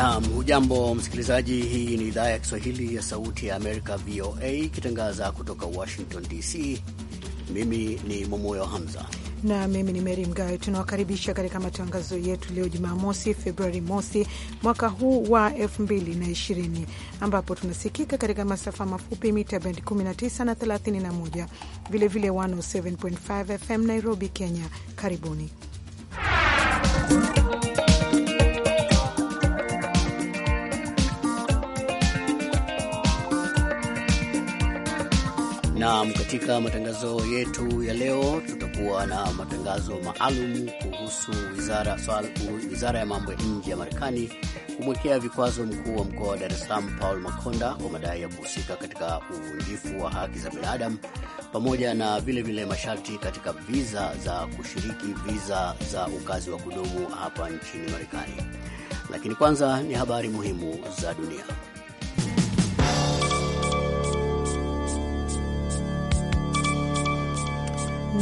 Naam, hujambo msikilizaji. Hii ni idhaa ya Kiswahili ya Sauti ya Amerika, VOA, ikitangaza kutoka Washington DC. Mimi ni Momoyo Hamza na mimi ni Meri Mgawe. Tunawakaribisha katika matangazo yetu leo Jumamosi, Februari mosi mwaka huu wa 2020 ambapo tunasikika katika masafa mafupi mita bend 19 na 31, vilevile 107.5 FM Nairobi, Kenya. Karibuni Naam, katika matangazo yetu ya leo tutakuwa na matangazo maalum kuhusu wizara, swala, wizara ya mambo ya nje ya Marekani kumwekea vikwazo mkuu wa mkoa wa Dar es Salaam Paul Makonda kwa madai ya kuhusika katika uvunjifu wa haki za binadamu pamoja na vilevile masharti katika viza za kushiriki viza za ukazi wa kudumu hapa nchini Marekani. Lakini kwanza ni habari muhimu za dunia.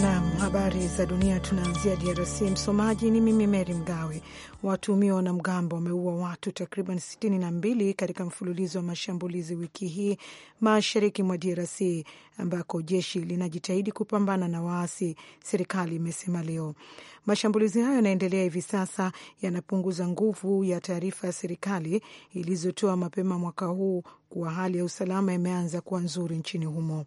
Nam, habari za dunia. Tunaanzia DRC. Msomaji ni mimi Meri Mgawe. watumiwa wanamgambo wameua watu takriban sitini na mbili katika mfululizo wa mashambulizi wiki hii mashariki mwa DRC ambako jeshi linajitahidi kupambana na waasi, serikali imesema leo. Mashambulizi hayo yanaendelea hivi sasa, yanapunguza nguvu ya taarifa ya serikali ilizotoa mapema mwaka huu kuwa hali ya usalama imeanza kuwa nzuri nchini humo.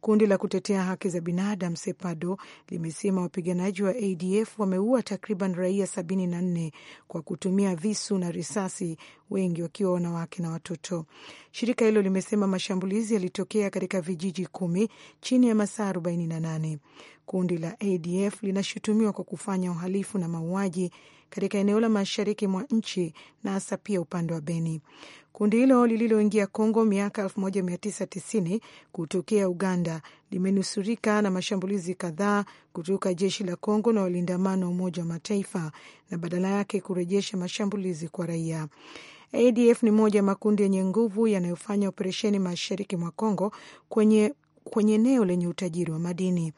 Kundi la kutetea haki za binadamu SEPADO limesema wapiganaji wa ADF wameua takriban raia sabini na nne kwa kutumia visu na risasi, wengi wakiwa wanawake na watoto. Shirika hilo limesema mashambulizi yalitokea katika vijiji kumi chini ya masaa arobaini na nane. Kundi la ADF linashutumiwa kwa kufanya uhalifu na mauaji katika eneo la mashariki mwa nchi na hasa pia upande wa Beni. Kundi hilo lililoingia Kongo miaka 1990 kutokea Uganda limenusurika na mashambulizi kadhaa kutoka jeshi la Kongo na walindamano wa Umoja wa Mataifa na badala yake kurejesha mashambulizi kwa raia. ADF ni moja ya makundi yenye nguvu yanayofanya operesheni mashariki mwa Kongo kwenye kwenye eneo lenye utajiri wa madini.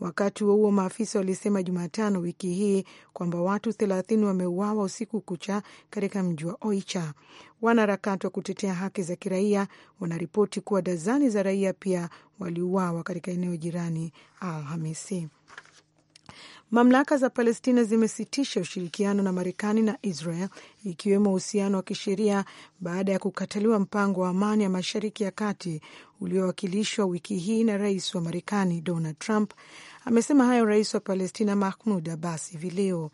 Wakati huo huo, maafisa walisema Jumatano wiki hii kwamba watu thelathini wameuawa usiku kucha katika mji wa Oicha. Wanaharakati wa kutetea haki za kiraia wanaripoti kuwa dazani za raia pia waliuawa katika eneo jirani Alhamisi. Mamlaka za Palestina zimesitisha ushirikiano na Marekani na Israel, ikiwemo uhusiano wa kisheria baada ya kukataliwa mpango wa amani ya Mashariki ya Kati uliowakilishwa wiki hii na rais wa Marekani Donald Trump. Amesema hayo rais wa Palestina Mahmud Abbas hivi leo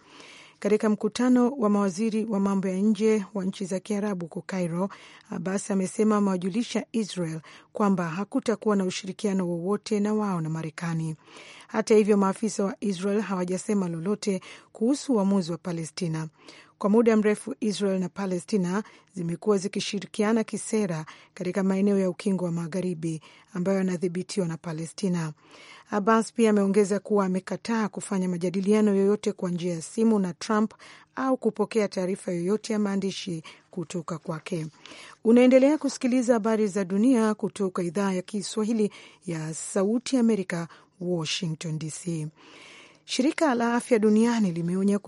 katika mkutano wa mawaziri wa mambo ya nje wa nchi za Kiarabu huko Cairo. Abbas amesema amewajulisha Israel kwamba hakutakuwa na ushirikiano wowote na wao na Marekani. Hata hivyo, maafisa wa Israel hawajasema lolote kuhusu uamuzi wa Palestina. Kwa muda mrefu Israel na Palestina zimekuwa zikishirikiana kisera katika maeneo ya ukingo wa Magharibi ambayo yanadhibitiwa na Palestina. Abbas pia ameongeza kuwa amekataa kufanya majadiliano yoyote kwa njia ya simu na Trump au kupokea taarifa yoyote ya maandishi kutoka kwake. Unaendelea kusikiliza habari za dunia kutoka idhaa ya Kiswahili ya Sauti Amerika, Washington DC. Shirika la Afya Duniani limeonya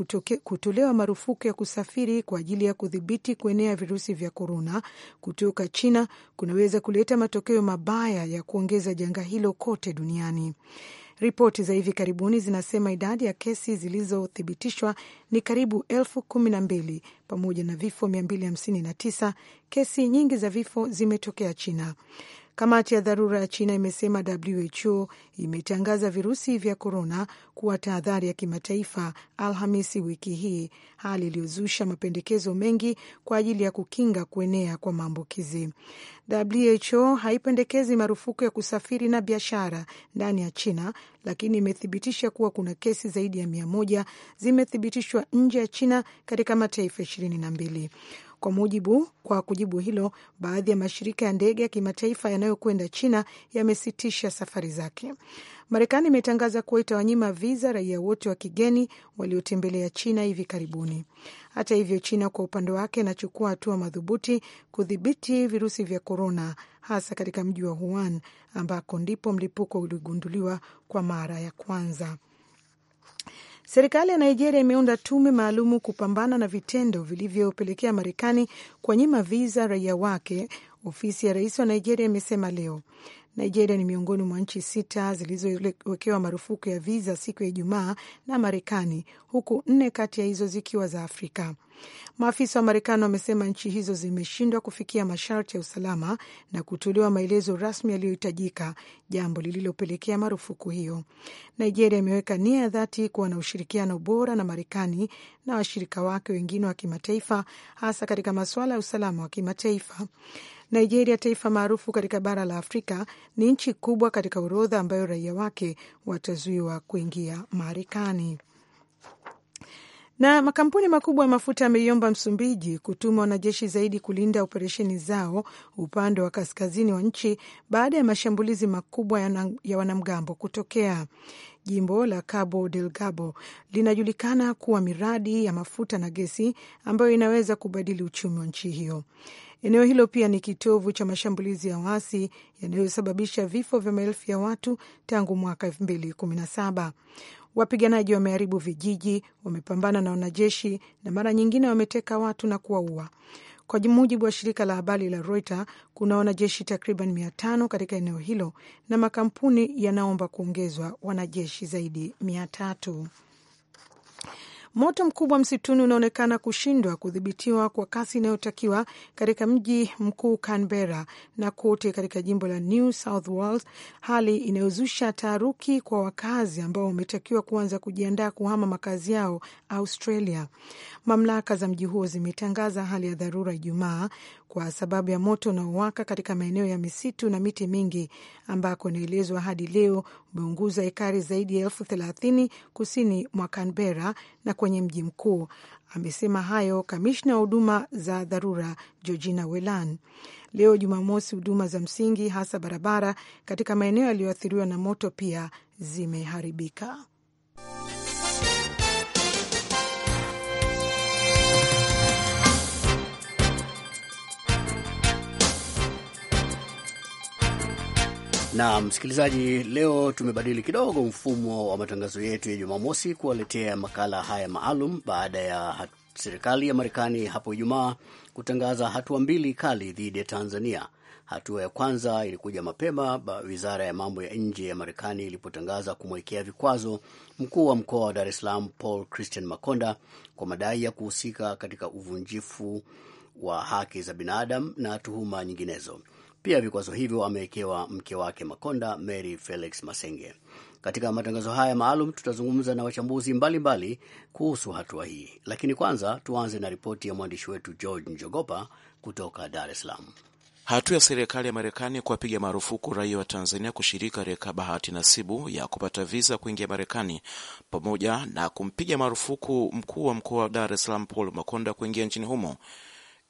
kutolewa marufuku ya kusafiri kwa ajili ya kudhibiti kuenea virusi vya korona kutoka China kunaweza kuleta matokeo mabaya ya kuongeza janga hilo kote duniani. Ripoti za hivi karibuni zinasema idadi ya kesi zilizothibitishwa ni karibu elfu kumi na mbili pamoja na vifo 259. Kesi nyingi za vifo zimetokea China. Kamati ya dharura ya China imesema WHO imetangaza virusi vya korona kuwa tahadhari ya kimataifa Alhamisi wiki hii, hali iliyozusha mapendekezo mengi kwa ajili ya kukinga kuenea kwa maambukizi. WHO haipendekezi marufuku ya kusafiri na biashara ndani ya China lakini imethibitisha kuwa kuna kesi zaidi ya mia moja zimethibitishwa nje ya China katika mataifa ishirini na mbili. Kwa mujibu kwa kujibu hilo, baadhi ya mashirika ya ndege ya kimataifa yanayokwenda China yamesitisha safari zake. Marekani imetangaza kuwa itawanyima viza raia wote wa kigeni waliotembelea China hivi karibuni. Hata hivyo, China kwa upande wake inachukua hatua madhubuti kudhibiti virusi vya korona hasa katika mji wa Wuhan ambako ndipo mlipuko uligunduliwa kwa mara ya kwanza. Serikali ya Nigeria imeunda tume maalumu kupambana na vitendo vilivyopelekea Marekani kuwanyima viza raia wake, ofisi ya rais wa Nigeria imesema leo. Nigeria ni miongoni mwa nchi sita zilizowekewa marufuku ya viza siku ya Ijumaa na Marekani, huku nne kati ya hizo zikiwa za Afrika. Maafisa wa Marekani wamesema nchi hizo zimeshindwa kufikia masharti ya usalama na kutolewa maelezo rasmi yaliyohitajika, jambo lililopelekea marufuku hiyo. Nigeria imeweka nia ya dhati kuwa na ushirikiano bora na Marekani na washirika wake wengine wa kimataifa, hasa katika masuala ya usalama wa kimataifa. Nigeria, taifa maarufu katika bara la Afrika, ni nchi kubwa katika orodha ambayo raia wake watazuiwa kuingia Marekani. Na makampuni makubwa ya mafuta yameiomba Msumbiji kutuma wanajeshi zaidi kulinda operesheni zao upande wa kaskazini wa nchi baada ya mashambulizi makubwa ya wanamgambo kutokea. Jimbo la Cabo Delgado linajulikana kuwa miradi ya mafuta na gesi ambayo inaweza kubadili uchumi wa nchi hiyo. Eneo hilo pia ni kitovu cha mashambulizi ya waasi yanayosababisha vifo vya maelfu ya watu tangu mwaka 2017. Wapiganaji wameharibu vijiji, wamepambana na wanajeshi na mara nyingine wameteka watu na kuwaua. Kwa mujibu wa shirika la habari la Reuters, kuna wanajeshi takriban mia tano katika eneo hilo na makampuni yanaomba kuongezwa wanajeshi zaidi mia tatu. Moto mkubwa msituni unaonekana kushindwa kudhibitiwa kwa kasi inayotakiwa katika mji mkuu Canberra na kote katika jimbo la New South Wales, hali inayozusha taharuki kwa wakazi ambao wametakiwa kuanza kujiandaa kuhama makazi yao Australia. Mamlaka za mji huo zimetangaza hali ya dharura Ijumaa kwa sababu ya moto unaowaka katika maeneo ya misitu na miti mingi ambako inaelezwa hadi leo umeunguza ekari zaidi ya elfu thelathini kusini mwa Canberra na kwenye mji mkuu. Amesema hayo kamishna wa huduma za dharura Georgina Welan leo Jumamosi. Huduma za msingi hasa barabara katika maeneo yaliyoathiriwa na moto pia zimeharibika. Na msikilizaji, leo tumebadili kidogo mfumo wa matangazo yetu ya Jumamosi kuwaletea makala haya maalum baada ya serikali ya Marekani hapo Ijumaa kutangaza hatua mbili kali dhidi ya Tanzania. Hatua ya kwanza ilikuja mapema wizara ya mambo ya nje ya Marekani ilipotangaza kumwekea vikwazo mkuu wa mkoa wa Dar es Salaam Paul Christian Makonda kwa madai ya kuhusika katika uvunjifu wa haki za binadamu na tuhuma nyinginezo. Pia vikwazo hivyo amewekewa mke wake Makonda, Mary Felix Masenge. Katika matangazo haya maalum tutazungumza na wachambuzi mbalimbali mbali kuhusu hatua hii, lakini kwanza tuanze na ripoti ya mwandishi wetu George Njogopa kutoka Dar es Salaam. Hatua ya serikali ya Marekani kuwapiga marufuku raia wa Tanzania kushiriki katika bahati nasibu ya kupata viza kuingia Marekani, pamoja na kumpiga marufuku mkuu wa mkoa wa Dar es Salaam Paul Makonda kuingia nchini humo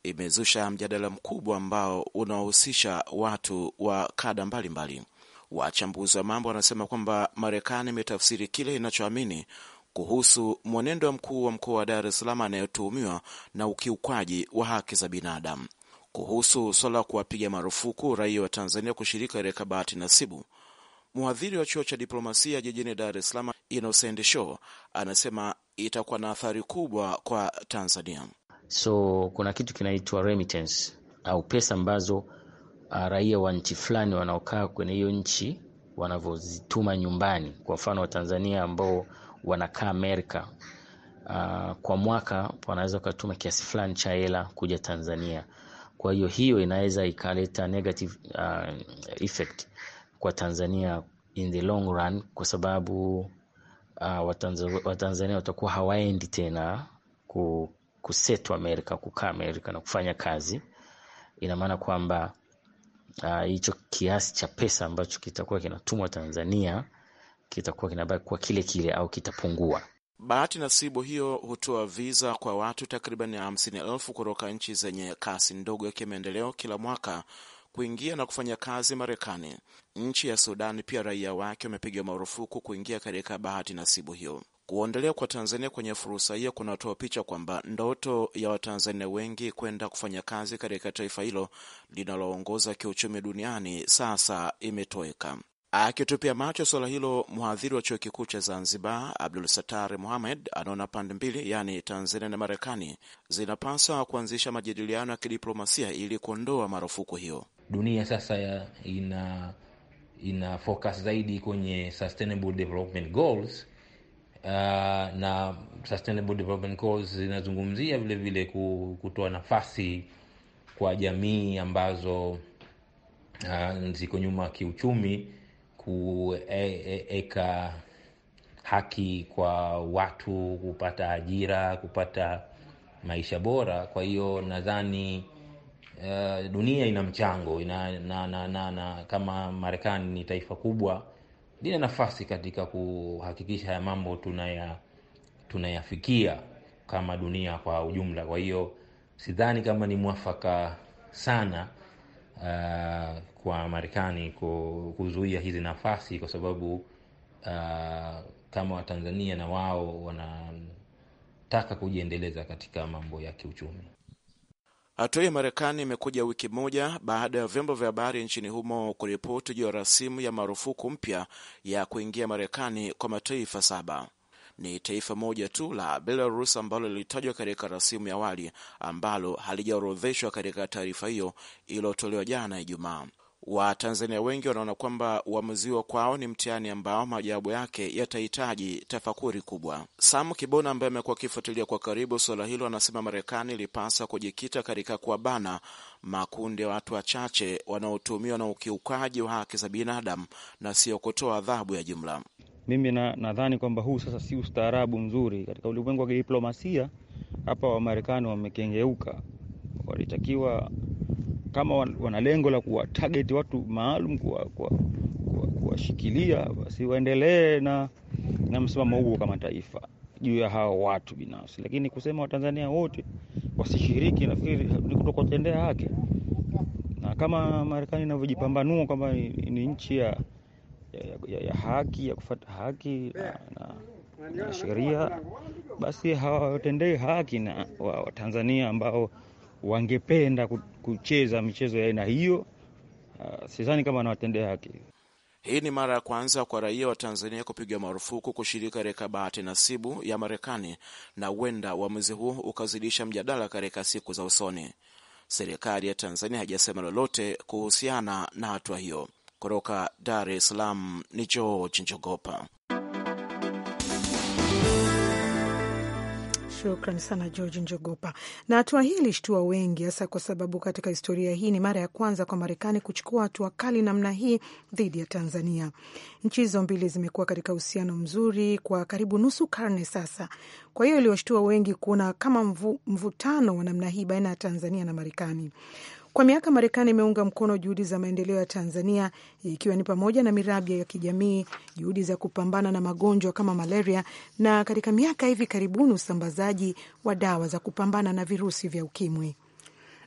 imezusha mjadala mkubwa ambao unawahusisha watu wa kada mbalimbali. Wachambuzi wa mambo wanasema kwamba Marekani imetafsiri kile inachoamini kuhusu mwenendo wa mkuu wa mkoa wa Dar es Salaam anayetuhumiwa na ukiukwaji wa haki za binadamu. Kuhusu swala la kuwapiga marufuku raia wa Tanzania kushiriki katika bahati nasibu, mhadhiri wa chuo cha diplomasia jijini Dar es Salaam Innocent Show anasema itakuwa na athari kubwa kwa Tanzania. So kuna kitu kinaitwa remittance au pesa ambazo ah, raia wa nchi fulani wanaokaa kwenye hiyo nchi wanavyozituma nyumbani. Kwa mfano Watanzania ambao wanakaa Amerika, uh, kwa mwaka wanaweza wakatuma kiasi fulani cha hela kuja Tanzania. Kwa hiyo hiyo inaweza ikaleta negative uh, effect kwa Tanzania in the long run, kwa sababu uh, Watanzania watakuwa hawaendi tena ku kusetu Amerika, kukaa Amerika na kufanya kazi, ina maana kwamba ah, hicho uh, kiasi cha pesa ambacho kitakuwa kinatumwa Tanzania kitakuwa kinabaki kuwa kile kile au kitapungua. Bahati nasibu hiyo hutoa viza kwa watu takriban hamsini elfu kutoka nchi zenye kasi ndogo ya kimaendeleo kila mwaka kuingia na kufanya kazi Marekani. Nchi ya Sudani pia raia wake wamepiga marufuku kuingia katika bahati nasibu hiyo. Kuondolewa kwa Tanzania kwenye fursa hiyo kunatoa picha kwamba ndoto ya Watanzania wengi kwenda kufanya kazi katika taifa hilo linaloongoza kiuchumi duniani sasa imetoweka. Akitupia macho suala hilo, mhadhiri wa chuo kikuu cha Zanzibar Abdul Satari muhamed anaona pande mbili, yaani Tanzania na Marekani, zinapaswa kuanzisha majadiliano ya kidiplomasia ili kuondoa marufuku hiyo. Dunia sasa ya ina, ina focus zaidi kwenye sustainable development goals uh, na Sustainable Development Goals zinazungumzia vilevile kutoa nafasi kwa jamii ambazo uh, ziko nyuma kiuchumi kueka e, e haki kwa watu kupata ajira, kupata maisha bora. Kwa hiyo nadhani uh, dunia ina mchango ina, na, na, na, na kama Marekani ni taifa kubwa lina nafasi katika kuhakikisha haya mambo tunaya tunayafikia kama dunia kwa ujumla. Kwa hiyo sidhani kama ni mwafaka sana uh, kwa Marekani kuzuia hizi nafasi kwa sababu uh, kama Watanzania na wao wanataka kujiendeleza katika mambo ya kiuchumi. Hatua ya Marekani imekuja wiki moja baada ya vyombo vya habari nchini humo kuripoti juu ya rasimu ya marufuku mpya ya kuingia Marekani kwa mataifa saba. Ni taifa moja tu la Belarus ambalo lilitajwa katika rasimu ya awali ambalo halijaorodheshwa katika taarifa hiyo iliyotolewa jana Ijumaa. Watanzania wengi wanaona kwamba uamuzi wa kwao ni mtihani ambao majawabu yake yatahitaji tafakuri kubwa. Sam Kibona ambaye amekuwa akifuatilia kwa karibu suala hilo anasema Marekani ilipasa kujikita katika kuwabana makundi ya watu wachache wanaotumiwa na ukiukaji wa haki za binadamu na sio kutoa adhabu ya jumla. Mimi nadhani na kwamba huu sasa si ustaarabu mzuri katika ulimwengu wa kidiplomasia. Hapa Wamarekani wamekengeuka, walitakiwa kama wana lengo la target watu maalum kuwashikilia basi waendelee na, na msimamo huo kama taifa juu ya hao watu binafsi, lakini kusema Watanzania wote wasishiriki, nafikiri ni kutokutendea haki, na kama Marekani inavyojipambanua kwamba ni, ni nchi ya, ya, ya haki ya kufuata haki na, na na sheria basi hawatendei haki na Watanzania ambao wangependa kucheza michezo ya aina hiyo. Uh, sidhani kama anawatendea haki. Hii ni mara ya kwanza kwa raia wa Tanzania kupigwa marufuku kushiriki katika bahati nasibu ya Marekani, na huenda uamuzi huu ukazidisha mjadala katika siku za usoni. Serikali ya Tanzania haijasema lolote kuhusiana na hatua hiyo. Kutoka Dar es Salaam ni George Njogopa. Shukran sana George Njogopa. Na hatua hii ilishtua wengi, hasa kwa sababu katika historia hii ni mara ya kwanza kwa Marekani kuchukua hatua kali namna hii dhidi ya Tanzania. Nchi hizo mbili zimekuwa katika uhusiano mzuri kwa karibu nusu karne sasa. Kwa hiyo iliwashtua wengi kuona kama mvutano wa namna hii baina ya Tanzania na Marekani. Kwa miaka Marekani imeunga mkono juhudi za maendeleo ya Tanzania, ikiwa ni pamoja na miradi ya kijamii, juhudi za kupambana na magonjwa kama malaria, na katika miaka hivi karibuni usambazaji wa dawa za kupambana na virusi vya ukimwi.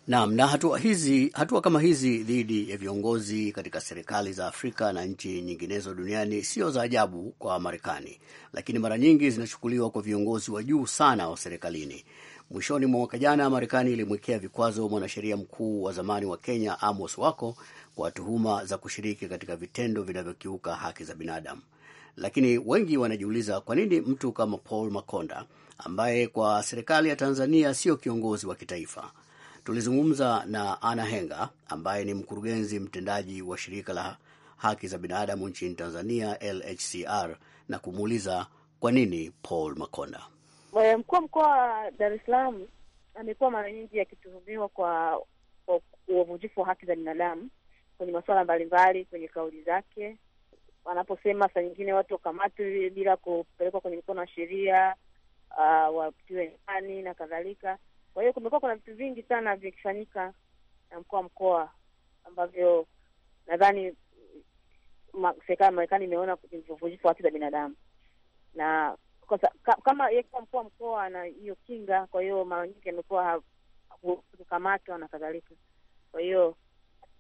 Naam, na hatua hizi, hatua kama hizi dhidi ya viongozi katika serikali za Afrika na nchi nyinginezo duniani sio za ajabu kwa Marekani, lakini mara nyingi zinachukuliwa kwa viongozi wa juu sana wa serikalini. Mwishoni mwa mwaka jana, Marekani ilimwekea vikwazo mwanasheria mkuu wa zamani wa Kenya Amos Wako kwa tuhuma za kushiriki katika vitendo vinavyokiuka haki za binadamu. Lakini wengi wanajiuliza kwa nini mtu kama Paul Makonda ambaye kwa serikali ya Tanzania sio kiongozi wa kitaifa. Tulizungumza na Ana Henga ambaye ni mkurugenzi mtendaji wa shirika la haki za binadamu nchini Tanzania, LHCR, na kumuuliza kwa nini Paul Makonda Eh, mkuu wa mkoa wa Dar es Salaam amekuwa mara nyingi akituhumiwa kwa uvujifu wa haki za binadamu kwenye masuala mbalimbali, kwenye kauli zake wanaposema saa nyingine watu wakamatwe bila kupelekwa kwenye mkono wa sheria, uh, wapitiwe ndani na kadhalika. Kwa hiyo kumekuwa kuna vitu vingi sana vikifanyika na mkuu wa mkoa ambavyo nadhani serikali ya Marekani imeona ni uvujifu wa haki za binadamu na kwa kama yeye mkuu wa mkoa ana hiyo kinga, kwa hiyo mara nyingi amekuwa kukamatwa na kadhalika. Kwa hiyo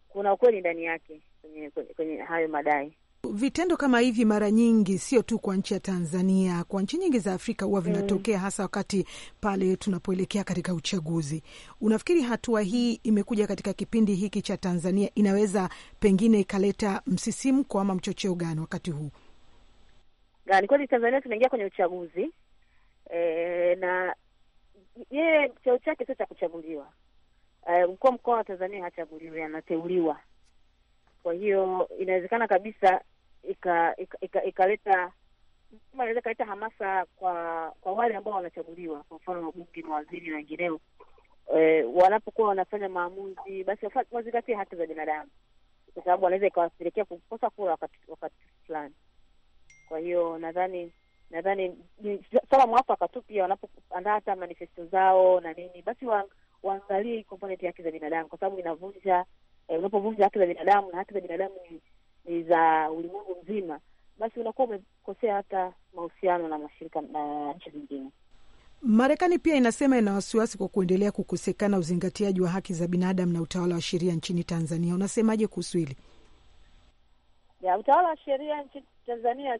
kuna ukweli ndani yake kwenye, kwenye, kwenye hayo madai. Vitendo kama hivi mara nyingi sio tu kwa nchi ya Tanzania, kwa nchi nyingi za Afrika huwa mm. vinatokea, hasa wakati pale tunapoelekea katika uchaguzi. Unafikiri hatua hii imekuja katika kipindi hiki cha Tanzania, inaweza pengine ikaleta msisimko ama mchocheo gani wakati huu? gani. Kweli Tanzania tunaingia kwenye uchaguzi e, na yeye cheo chake sio cha kuchaguliwa. E, mkuu mkoa wa Tanzania hachaguliwi, anateuliwa. Kwa hiyo inawezekana kabisa ikaleta ika, ika, ika inaweza ikaleta hamasa kwa kwa wale ambao wanachaguliwa, kwa mfano wabunge, mawaziri na wengineo e, wanapokuwa wanafanya maamuzi, basi wazingatie haki za binadamu, kwa sababu wanaweza ikawapelekea kukosa kura wakati fulani. Kwa hiyo nadhani nadhani ni swala mwafaka tu, pia wanapoandaa hata manifesto zao na nini, basi wa, waangalie komponenti ya haki za binadamu, kwa sababu inavunja eh, unapovunja haki za binadamu na haki za binadamu ni, ni za ulimwengu mzima, basi unakuwa umekosea hata mahusiano na mashirika na nchi zingine. Marekani pia inasema ina wasiwasi kwa kuendelea kukosekana uzingatiaji wa haki za binadamu na utawala wa sheria nchini Tanzania. Unasemaje kuhusu hili? Ya, utawala wa sheria nchini Tanzania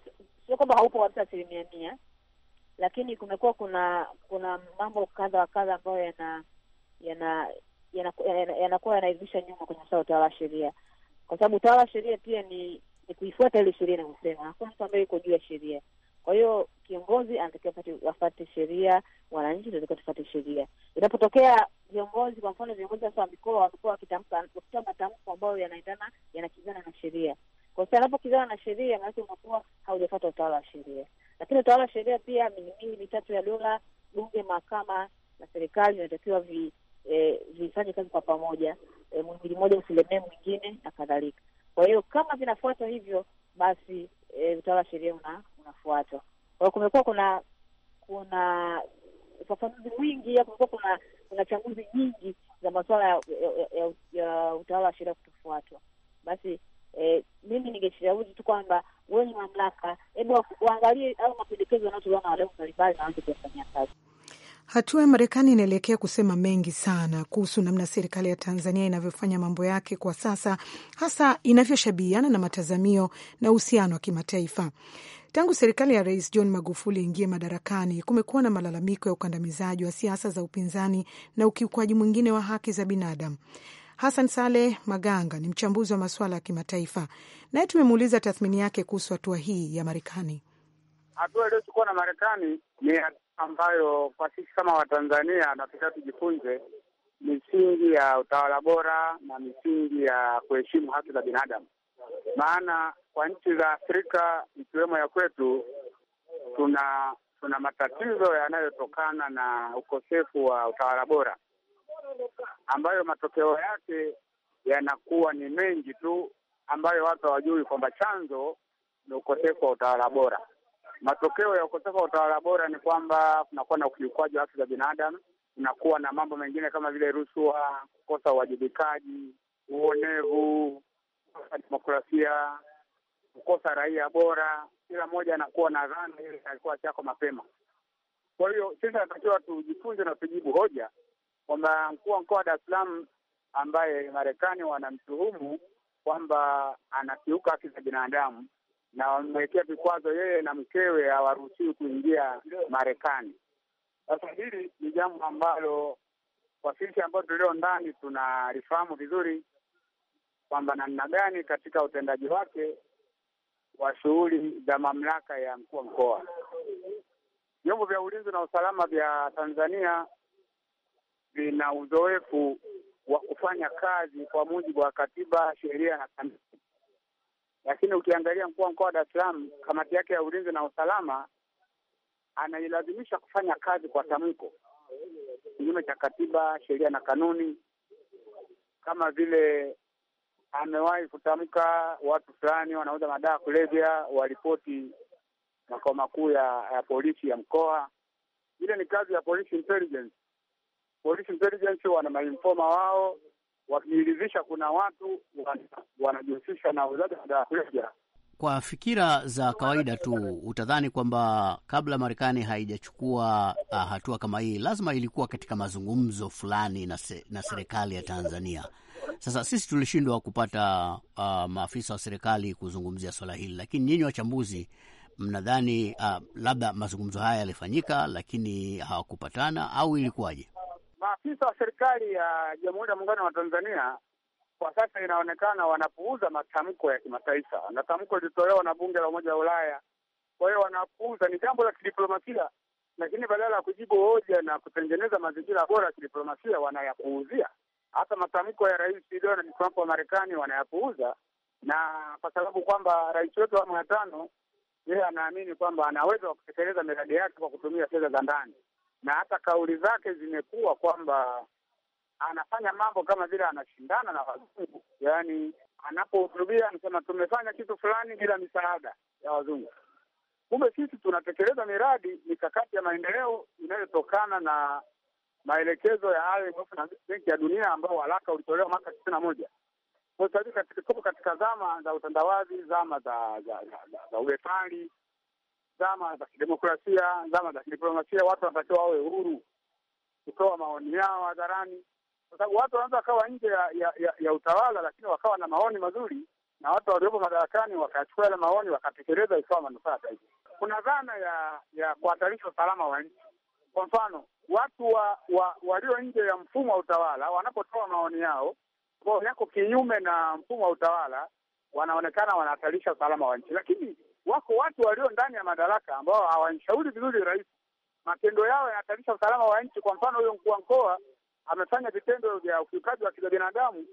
sio kwamba haupo kabisa asilimia mia, lakini kumekuwa kuna kuna mambo kadha wa kadha ambayo yana yana yanakuwa yana, yana, yana yanaivisha nyuma kwenye masuala utawala wa sheria, kwa sababu utawala wa sheria pia ni ni kuifuata ile sheria inayosema. Hakuna mtu ambaye yuko juu ya sheria. Kwa hiyo kiongozi anatakiwa wafate sheria, wananchi natakiwa tufate sheria. Inapotokea viongozi, kwa mfano viongozi sasa wa mikoa wamekuwa wakitoa matamko ambayo yanaendana, yanakizana na sheria, kwa sababu anapokizana na sheria, maanake unakuwa haujafuata utawala wa sheria. Lakini utawala wa sheria pia, mihimili mitatu ya dola, bunge, mahakama na serikali vinatakiwa vi, e, vifanye kazi kwa pamoja, e, mhimili mmoja usilemee mwingine na kadhalika. Kwa hiyo kama vinafuatwa hivyo, basi e, utawala wa sheria una, unafuatwa. Kwa hiyo kumekuwa kuna kuna ufafanuzi mwingi, kumekuwa kuna kuna changuzi nyingi za masuala ya, ya, ya, ya utawala wa sheria kutofuatwa basi eh, mimi ningeshauri tu kwamba wenye mamlaka, hebu waangalie au mapendekezo yanayotolewa na wadau mbalimbali na waanze kuyafanyia kazi. Hatua ya Marekani inaelekea kusema mengi sana kuhusu namna serikali ya Tanzania inavyofanya mambo yake kwa sasa, hasa inavyoshabihiana na matazamio na uhusiano wa kimataifa. Tangu serikali ya Rais John Magufuli ingie madarakani, kumekuwa na malalamiko ya ukandamizaji wa siasa za upinzani na ukiukwaji mwingine wa haki za binadamu. Hassan Saleh Maganga ni mchambuzi wa masuala ya kimataifa, naye tumemuuliza tathmini yake kuhusu hatua hii ya Marekani. Hatua iliyochukua na Marekani ni ambayo kwa sisi kama Watanzania natakiwa tujifunze misingi ya utawala bora na misingi ya kuheshimu haki za binadamu, maana kwa nchi za Afrika ikiwemo ya kwetu tuna tuna matatizo yanayotokana na ukosefu wa utawala bora ambayo matokeo yake yanakuwa ni mengi tu, ambayo watu hawajui kwamba chanzo ni ukosefu wa utawala bora. Matokeo ya ukosefu wa utawala bora ni kwamba kunakuwa na ukiukwaji wa haki za binadamu, kunakuwa na mambo mengine kama vile rushwa, kukosa uwajibikaji, uonevu, kukosa demokrasia, kukosa raia bora. Kila mmoja anakuwa na dhana ile alikuwa chako mapema. Kwa hiyo sisi anatakiwa tujifunze na tujibu hoja kwamba mkuu wa mkoa wa Dar es Salaam ambaye Marekani wanamtuhumu kwamba anakiuka haki za binadamu na wamewekea vikwazo yeye na mkewe, hawaruhusiwi kuingia Marekani. Sasa hili ni jambo ambalo kwa sisi ambao tulio ndani tunalifahamu vizuri kwamba namna gani katika utendaji wake wa shughuli za mamlaka ya mkuu wa mkoa, vyombo vya ulinzi na usalama vya Tanzania vina uzoefu wa kufanya kazi kwa mujibu wa katiba, sheria na kanuni. Lakini ukiangalia mkuu wa mkoa wa Dar es Salaam, kamati yake ya ulinzi na usalama anailazimisha kufanya kazi kwa tamko kinyume cha katiba, sheria na kanuni, kama vile amewahi kutamka watu fulani wanauza madawa ya kulevya waripoti makao makuu ya, ya polisi ya mkoa. Ile ni kazi ya police intelligence polisi intelligence wana mainfoma wao, wakiridhisha kuna watu wanajihusisha na uuzaji wa madawa. Kwa fikira za kawaida tu utadhani kwamba kabla Marekani haijachukua uh, hatua kama hii, lazima ilikuwa katika mazungumzo fulani na, se, na serikali ya Tanzania. Sasa sisi tulishindwa kupata uh, maafisa wa serikali kuzungumzia swala hili, lakini nyinyi wachambuzi mnadhani uh, labda mazungumzo haya yalifanyika lakini hawakupatana au ilikuwaje? Maafisa wa serikali ya Jamhuri ya Muungano wa Tanzania kwa sasa inaonekana wanapuuza matamko ya kimataifa na tamko lilitolewa na bunge la Umoja wa Ulaya. Kwa hiyo wanapuuza, ni jambo la kidiplomasia, lakini badala ya kujibu hoja na kutengeneza mazingira bora ya kidiplomasia wanayapuuzia. Hata matamko ya Rais Donald Trump wa Marekani wanayapuuza, na kwa sababu kwamba rais wetu wa awamu ya tano yeye anaamini kwamba anaweza kutekeleza miradi yake kwa kutumia fedha za ndani na hata kauli zake zimekuwa kwamba anafanya mambo kama vile anashindana na wazungu, yaani anapohutubia anasema tumefanya kitu fulani bila misaada ya wazungu. Kumbe sisi tunatekeleza miradi mikakati ya maendeleo inayotokana na maelekezo ya IMF na Benki ya Dunia ambao waraka ulitolewa mwaka tisini na moja. Kwa sababu katika zama za utandawazi, zama za za zama za kidemokrasia, zama za kidiplomasia, watu wanatakiwa wawe huru kutoa maoni yao hadharani, kwa sababu watu wanaweza wakawa nje ya, ya, ya, ya utawala, lakini wakawa na maoni mazuri na watu waliopo madarakani wakachukua yale maoni wakatekeleza, ikawa manufaa zaidi. Kuna dhana ya ya kuhatarisha usalama wa nchi. Kwa mfano, watu wa, wa walio nje ya mfumo wa utawala wanapotoa maoni yao ambao yako kinyume na mfumo wa utawala, wanaonekana wanahatarisha usalama wa nchi, lakini wako watu walio ndani ya madaraka ambao hawamshauri vizuri rais. Matendo yao yanahatarisha usalama wa nchi. Kwa mfano, huyo mkuu wa mkoa amefanya vitendo vya ukiukaji wa haki za binadamu,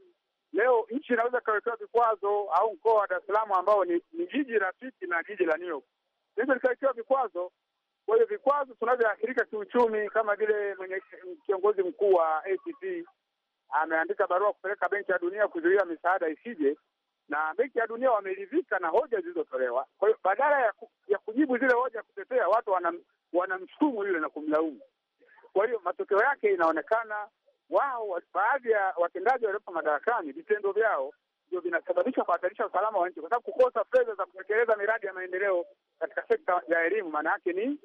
leo nchi inaweza ikawekewa vikwazo, au mkoa wa Dar es Salaam ambao ni, ni jiji rafiki na jiji la New York likawekewa vikwazo. Kwa hiyo vikwazo tunavyoathirika kiuchumi, kama vile mwenye kiongozi mkuu wa ACT ameandika barua kupeleka Benki ya Dunia kuzuia misaada isije na Benki ya Dunia wameridhika na hoja zilizotolewa. Kwa hiyo badala ya, ku, ya kujibu zile hoja kutetea, watu wanam, wanamshutumu yule na kumlaumu. Kwa hiyo matokeo yake inaonekana wao baadhi ya watendaji waliopo madarakani, vitendo vyao ndio vinasababisha kuhatarisha usalama wa nchi, kwa sababu kukosa fedha za kutekeleza miradi ya maendeleo katika sekta ya elimu, maana yake ni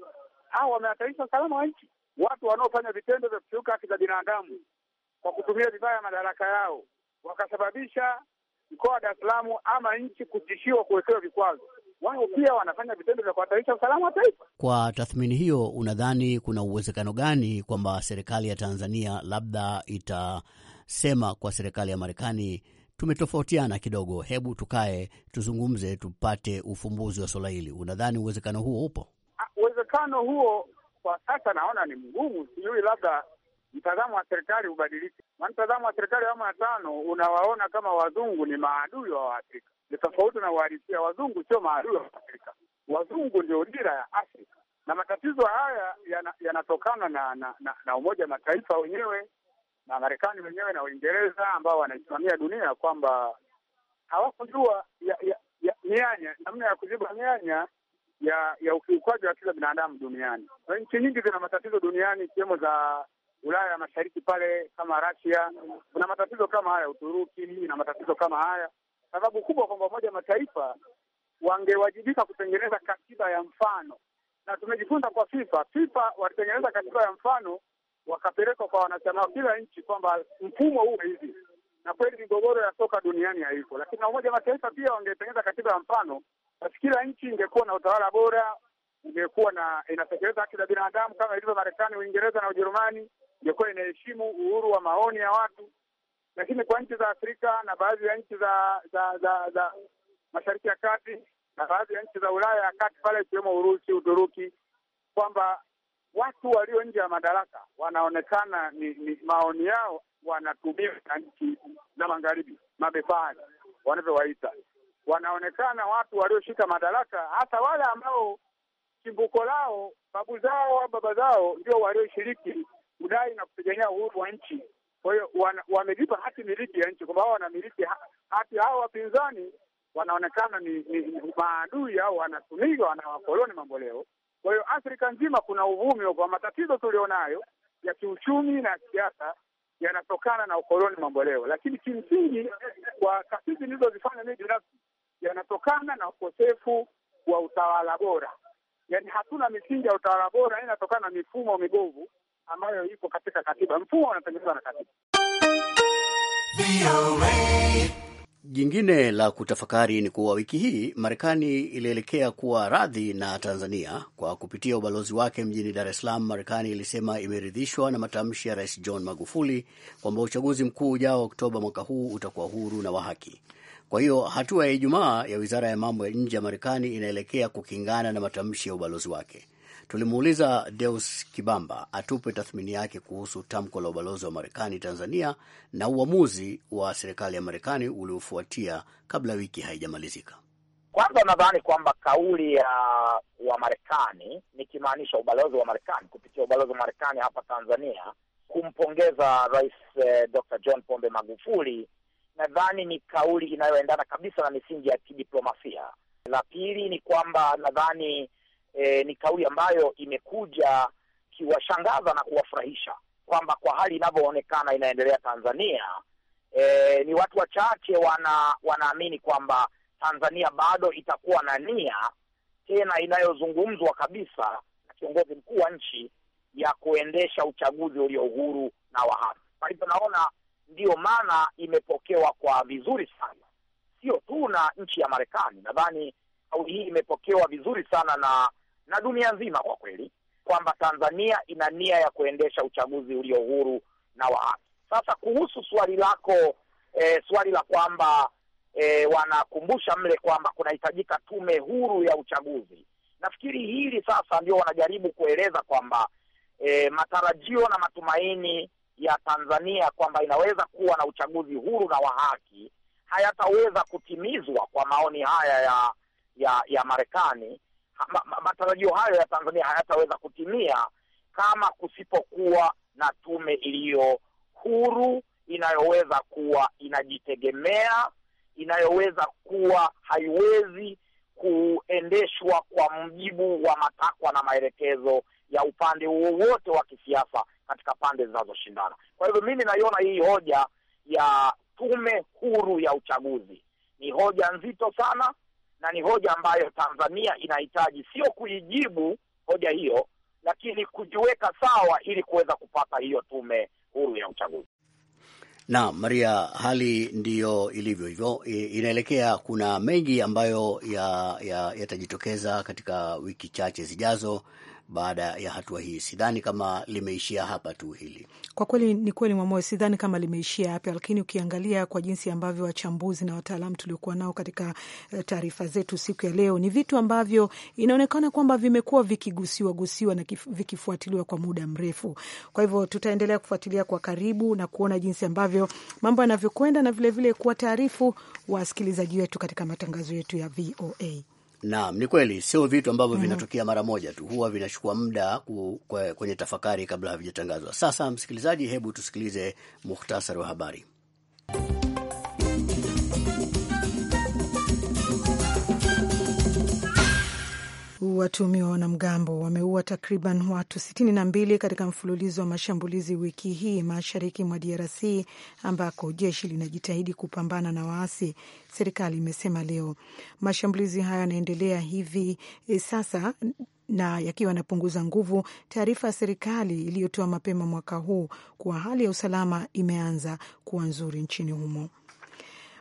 hao wamehatarisha usalama wa nchi. Watu wanaofanya vitendo vya kukiuka haki za binadamu kwa kutumia vibaya madaraka yao wakasababisha mkoa wa Dar es Salaam ama nchi kutishiwa kuwekewa vikwazo, wao pia wanafanya vitendo vya kuhatarisha usalama wa taifa. Kwa tathmini hiyo, unadhani kuna uwezekano gani kwamba serikali ya Tanzania labda itasema kwa serikali ya Marekani, tumetofautiana kidogo, hebu tukae tuzungumze, tupate ufumbuzi wa swala hili? Unadhani uwezekano huo upo? Ah, uwezekano huo kwa sasa naona ni mgumu, sijui labda mtazamo wa serikali ubadilike, maana mtazamo wa serikali awamu ya tano unawaona kama wazungu ni maadui wa Waafrika. Ni tofauti na uhalisia. Wazungu sio maadui wa Afrika, wazungu ndio dira ya Afrika, na matatizo haya yanatokana yana na, na na Umoja wa Mataifa wenyewe na Marekani wenyewe na Uingereza ambao wanaisimamia dunia kwamba hawakujua mianya namna ya kuziba mianya ya ya ukiukwaji wa haki za binadamu duniani. Nchi nyingi zina matatizo duniani ikiwemo za Ulaya ya mashariki pale kama Russia, kuna matatizo kama haya, Uturuki na matatizo kama haya. Sababu kubwa kwamba Umoja Mataifa wangewajibika kutengeneza katiba ya mfano, na tumejifunza kwa FIFA. FIFA walitengeneza katiba ya mfano wakapelekwa kwa wanachama kila nchi kwamba mfumo huu hivi, na kweli migogoro ya soka duniani haiko. Lakini na Umoja Mataifa pia wangetengeneza katiba ya mfano, basi kila nchi ingekuwa na utawala bora, ingekuwa na inatekeleza haki za binadamu kama ilivyo Marekani, Uingereza na Ujerumani ingekuwa inaheshimu uhuru wa maoni ya watu, lakini kwa nchi za Afrika na baadhi ya nchi za za, za za Mashariki ya Kati na baadhi ya nchi za Ulaya ya kati pale ikiwemo Urusi, Uturuki, kwamba watu walio nje ya madaraka wanaonekana ni, ni maoni yao wanatumiwa na nchi za magharibi, mabepari wanavyowaita, wanaonekana watu walioshika madaraka, hata wale ambao chimbuko lao babu zao au baba zao ndio walioshiriki kudai na kupigania uhuru wa nchi. Kwa hiyo wamejipa hati miliki ya nchi kwamba hao wanamiliki hati. Hao wapinzani wanaonekana ni, ni, ni maadui au wanatumiwa wanawakoloni mambo leo. Kwa hiyo Afrika nzima kuna uvumi kwa matatizo tulionayo ya kiuchumi na siasa yanatokana na ukoloni mambo leo, lakini kimsingi kwa tafiti nilizozifanya mii binafsi yanatokana na ukosefu wa utawala bora. Yani hatuna misingi ya utawala bora, yaani inatokana na mifumo mibovu ambayo iko katika katiba, mfumo unatengenezwa na katiba. Jingine la kutafakari ni kuwa wiki hii Marekani ilielekea kuwa radhi na Tanzania. Kwa kupitia ubalozi wake mjini Dar es Salaam, Marekani ilisema imeridhishwa na matamshi ya Rais John Magufuli kwamba uchaguzi mkuu ujao Oktoba mwaka huu utakuwa huru na wa haki. Kwa hiyo hatua ya Ijumaa ya wizara ya mambo ya nje ya Marekani inaelekea kukingana na matamshi ya ubalozi wake. Tulimuuliza Deus Kibamba atupe tathmini yake kuhusu tamko la ubalozi wa Marekani Tanzania na uamuzi wa serikali ya Marekani uliofuatia kabla wiki haijamalizika. Kwanza nadhani kwamba kauli ya wa marekani nikimaanisha ubalozi wa Marekani kupitia ubalozi wa Marekani hapa Tanzania kumpongeza Rais eh, Dr. John Pombe Magufuli, nadhani ni kauli inayoendana kabisa na misingi ya kidiplomasia. La pili ni kwamba nadhani e, ni kauli ambayo imekuja kiwashangaza na kuwafurahisha kwamba kwa hali inavyoonekana inaendelea Tanzania e, ni watu wachache wana wanaamini kwamba Tanzania bado itakuwa na nia tena inayozungumzwa kabisa na kiongozi mkuu wa nchi ya kuendesha uchaguzi ulio uhuru na wa haki. Kwa hivyo naona ndiyo maana imepokewa kwa vizuri sana, sio tu na nchi ya Marekani. Nadhani kauli hii imepokewa vizuri sana na na dunia nzima kwa kweli kwamba Tanzania ina nia ya kuendesha uchaguzi ulio huru na wa haki. Sasa kuhusu swali lako e, swali la kwamba e, wanakumbusha mle kwamba kunahitajika tume huru ya uchaguzi, nafikiri hili sasa ndio wanajaribu kueleza kwamba e, matarajio na matumaini ya Tanzania kwamba inaweza kuwa na uchaguzi huru na wa haki hayataweza kutimizwa kwa maoni haya ya ya, ya Marekani matarajio hayo ya Tanzania hayataweza kutimia kama kusipokuwa na tume iliyo huru inayoweza kuwa inajitegemea, inayoweza kuwa haiwezi kuendeshwa kwa mujibu wa matakwa na maelekezo ya upande wowote wa kisiasa katika pande zinazoshindana. Kwa hivyo mimi naiona hii hoja ya tume huru ya uchaguzi ni hoja nzito sana, na ni hoja ambayo Tanzania inahitaji, sio kuijibu hoja hiyo, lakini kujiweka sawa ili kuweza kupata hiyo tume huru ya uchaguzi. Na Maria, hali ndiyo ilivyo hivyo, inaelekea kuna mengi ambayo yatajitokeza ya, ya katika wiki chache zijazo baada ya hatua hii. Sidhani kama limeishia hapa tu hili. Kwa kweli ni kweli Mwamoyo, sidhani kama limeishia hapa, lakini ukiangalia kwa jinsi ambavyo wachambuzi na wataalamu tuliokuwa nao katika eh, taarifa zetu siku ya leo, ni vitu ambavyo inaonekana kwamba vimekuwa vikigusiwagusiwa na vikifuatiliwa kwa muda mrefu. Kwa hivyo tutaendelea kufuatilia kwa karibu na kuona jinsi ambavyo mambo yanavyokwenda na vilevile kuwa taarifu wasikilizaji wetu katika matangazo yetu ya VOA. Naam, ni kweli, sio vitu ambavyo mm -hmm. vinatokea mara moja tu, huwa vinachukua muda kwenye tafakari kabla havijatangazwa. Sasa msikilizaji, hebu tusikilize muhtasari wa habari. watumiwa wanamgambo wameua takriban watu mbili katika mfululizo wa mashambulizi wiki hii mashariki mwa DRC ambako jeshi linajitahidi kupambana na waasi, serikali imesema leo. Mashambulizi hayo yanaendelea hivi e, sasa na yakiwa yanapunguza nguvu taarifa ya serikali iliyotoa mapema mwaka huu kuwa hali ya usalama imeanza kuwa nzuri nchini humo.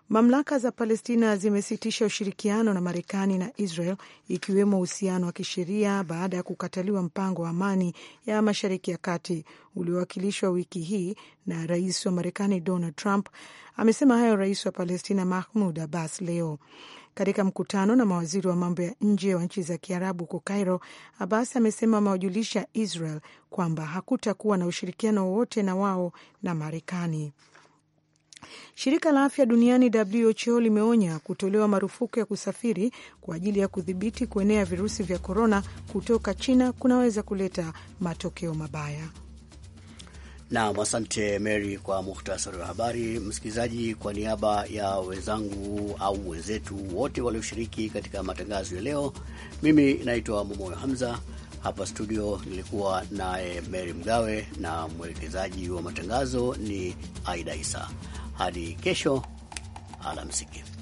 Mamlaka za Palestina zimesitisha ushirikiano na Marekani na Israel, ikiwemo uhusiano wa kisheria baada ya kukataliwa mpango wa amani ya Mashariki ya Kati uliowakilishwa wiki hii na rais wa Marekani Donald Trump. Amesema hayo rais wa Palestina Mahmud Abbas leo katika mkutano na mawaziri wa mambo ya nje wa nchi za Kiarabu huko Cairo. Abbas amesema amewajulisha Israel kwamba hakutakuwa na ushirikiano wowote na wao na Marekani. Shirika la afya duniani WHO limeonya kutolewa marufuku ya kusafiri kwa ajili ya kudhibiti kuenea virusi vya korona kutoka China kunaweza kuleta matokeo mabaya. Nam, asante Mary kwa muhtasari wa habari. Msikilizaji, kwa niaba ya wenzangu au wenzetu wote walioshiriki katika matangazo ya leo, mimi naitwa Momoyo Hamza. Hapa studio nilikuwa naye Mary Mgawe na mwelekezaji wa matangazo ni Aida Isa. Hadi kesho, alamsiki.